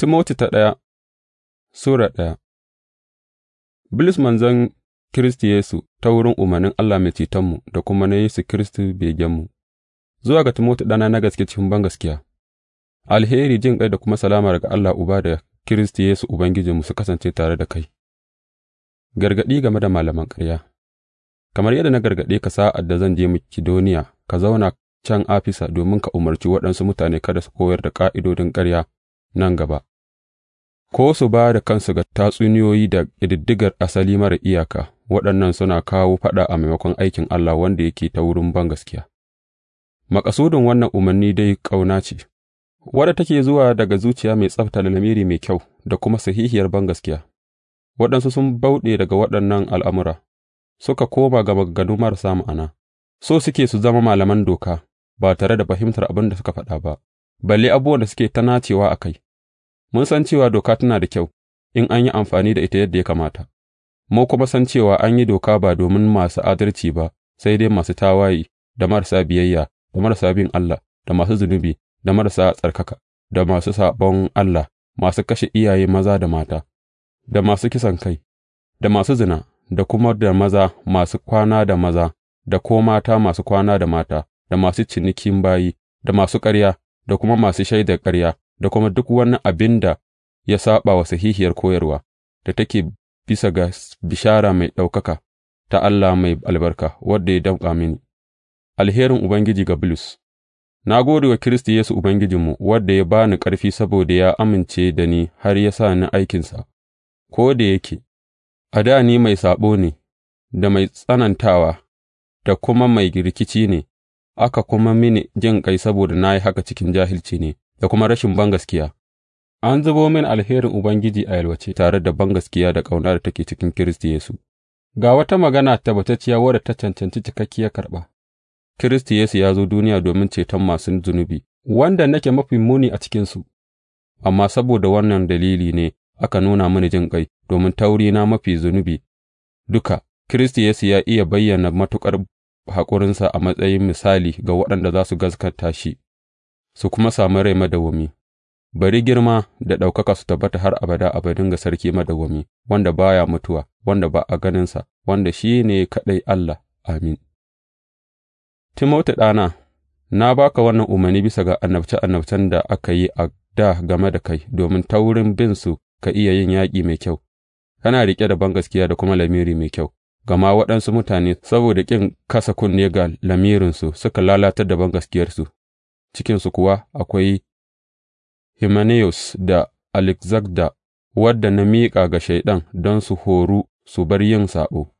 Timoti ta ɗaya Sura ɗaya Bilis manzan Kiristi Yesu ta wurin umarnin Allah Mai Cetonmu da kuma na Yesu Kiristi begenmu, zuwa ga Timoti ɗana na gaske cikin bangaskiya, alheri jin ƙai da kuma salama daga Allah Uba da Kiristi Yesu Ubangijinmu su kasance tare da kai. Gargaɗi game da malaman ƙarya Kamar yadda na gargaɗe ka sa'ad da zan je Makidoniya, ka zauna can Afisa domin ka umarci waɗansu mutane kada su koyar da ƙa'idodin ƙarya nan gaba. ko su ba da kansu ga tatsuniyoyi da ƙididdigar asali mara iyaka, waɗannan suna kawo faɗa a maimakon aikin Allah wanda yake ta wurin bangaskiya. Maƙasudin wannan umarni dai ƙauna ce, wadda take zuwa daga zuciya mai tsafta da lamiri mai kyau da kuma sahihiyar bangaskiya. Waɗansu sun bauɗe daga waɗannan al'amura, suka koma ga maganganu marasa ma'ana, so suke su zama malaman doka ba tare da fahimtar abin da suka faɗa ba, balle abubuwan da suke ta nacewa a kai. Mun san cewa doka tana da kyau in an yi amfani da ita yadda ya kamata, Mu kuma san cewa an yi doka ba domin masu adalci ba, sai dai masu tawaye da marasa biyayya, da marasa bin Allah, da masu zunubi, da marasa tsarkaka, da masu sabon Allah, masu kashe iyaye maza da mata, da masu kisan kai, da masu zina, da kuma da maza masu kwana da maza, da ko mata masu kwana da mata, da masu cinikin bayi, da masu ƙarya, da kuma masu shaidar ƙarya, da kuma duk wani abin da ya saɓa wa sahihiyar koyarwa da take bisa ga bishara mai ɗaukaka ta Allah mai albarka, wadda ya damƙa mini, alherin Ubangiji ga Bulus. Na gode wa Kiristi Yesu Ubangijinmu, wadda ya bani ƙarfi saboda ya amince da ni har ya sa ni aikinsa, ko da yake, a da ni mai saɓo ne, da mai tsanantawa, da kuma mai rikici ne, aka kuma mini jin kai saboda na yi haka cikin jahilci ne, da kuma rashin bangaskiya, an zubo min alherin Ubangiji a yalwace tare da bangaskiya da ƙauna da take cikin Kiristi Yesu. Ga wata magana tabbatacciya wadda ta cancanci cikakkiyar karɓa, Kiristi Yesu ya zo duniya domin ceton masu zunubi, wanda nake mafi muni a cikinsu, amma saboda wannan dalili ne aka nuna mini jin ƙai, domin taurina mafi zunubi duka, Kiristi Yesu ya iya bayyana matuƙar haƙurinsa a matsayin misali ga waɗanda za su gaskata shi. su kuma sami rai madawwami, bari girma da ɗaukaka su tabbata har abada abadin ga Sarki madawwami, wanda ba ya mutuwa, wanda ba a ganinsa, wanda shi ne kaɗai Allah, amin. Timoti ɗana, na baka wannan umarni bisa ga annabce-annabcen da aka yi a da game da kai, domin ta wurin su ka iya yin yaƙi mai kyau, kana riƙe da ban gaskiya da kuma lamiri mai kyau. gama waɗansu mutane saboda ƙin kasa kunne ga lamirinsu suka lalatar da ban gaskiyarsu. cikinsu kuwa akwai Himenayus da alexander wadda na miƙa ga Shaiɗan don su horu su bar yin saɓo.